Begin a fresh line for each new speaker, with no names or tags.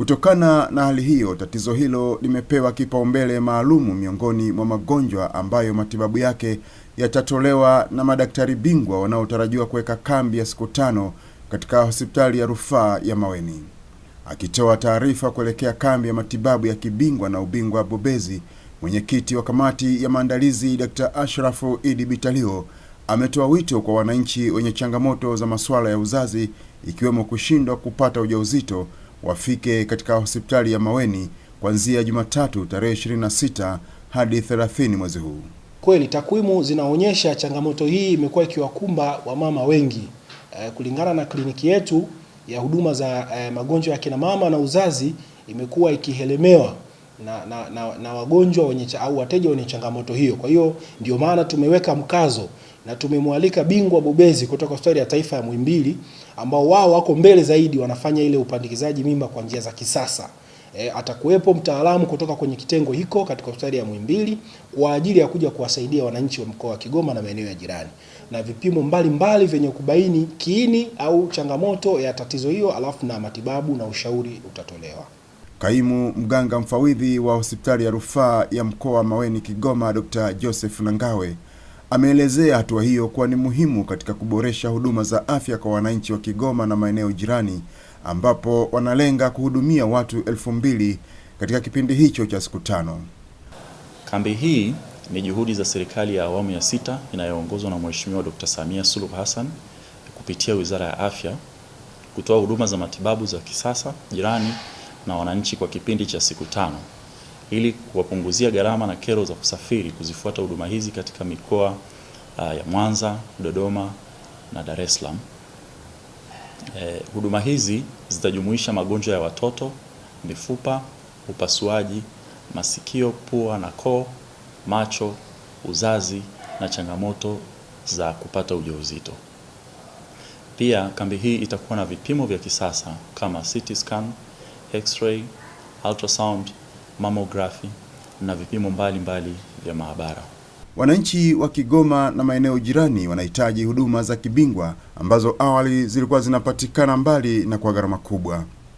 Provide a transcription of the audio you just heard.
Kutokana na hali hiyo, tatizo hilo limepewa kipaumbele maalumu miongoni mwa magonjwa ambayo matibabu yake yatatolewa na madaktari bingwa wanaotarajiwa kuweka kambi ya siku tano katika hospitali ya rufaa ya Maweni. Akitoa taarifa kuelekea kambi ya matibabu ya kibingwa na ubingwa bobezi, mwenyekiti wa kamati ya maandalizi Dkt. Ashrafu Idi Bitalio ametoa wito kwa wananchi wenye changamoto za masuala ya uzazi ikiwemo kushindwa kupata ujauzito wafike katika hospitali ya Maweni kuanzia Jumatatu tarehe 26 hadi 30 mwezi huu.
Kweli takwimu zinaonyesha changamoto hii imekuwa ikiwakumba wamama wengi. E, kulingana na kliniki yetu ya huduma za e, magonjwa ya kina mama na uzazi imekuwa ikihelemewa na, na, na, na wagonjwa wenye, au wateja wenye changamoto hiyo. Kwa hiyo ndio maana tumeweka mkazo na tumemwalika bingwa bobezi kutoka hospitali ya taifa ya Muhimbili ambao wao wako mbele zaidi, wanafanya ile upandikizaji mimba kwa njia za kisasa. E, atakuwepo mtaalamu kutoka kwenye kitengo hiko katika hospitali ya Muhimbili kwa ajili ya kuja kuwasaidia wananchi wa mkoa wa Kigoma na maeneo ya jirani na vipimo mbalimbali vyenye kubaini kiini au changamoto ya tatizo hiyo, alafu na matibabu na ushauri utatolewa.
Kaimu mganga mfawidhi wa hospitali ya rufaa ya mkoa wa Maweni Kigoma, Dr. Joseph Nangawe Ameelezea hatua hiyo kuwa ni muhimu katika kuboresha huduma za afya kwa wananchi wa Kigoma na maeneo jirani ambapo wanalenga kuhudumia watu elfu mbili katika kipindi hicho cha siku tano.
Kambi hii ni juhudi za serikali ya awamu ya sita inayoongozwa na Mheshimiwa Dr. Samia Suluhu Hassan kupitia Wizara ya Afya kutoa huduma za matibabu za kisasa jirani na wananchi kwa kipindi cha siku tano ili kuwapunguzia gharama na kero za kusafiri kuzifuata huduma hizi katika mikoa uh, ya Mwanza, Dodoma na Dar es Salaam. Eh, huduma hizi zitajumuisha magonjwa ya watoto, mifupa, upasuaji, masikio, pua na koo, macho, uzazi na changamoto za kupata ujauzito. Pia kambi hii itakuwa na vipimo vya kisasa kama CT scan, X-ray, ultrasound mamografi na vipimo mbalimbali mbali vya maabara.
Wananchi wa Kigoma na maeneo jirani wanahitaji huduma za kibingwa ambazo awali zilikuwa zinapatikana mbali na kwa gharama kubwa.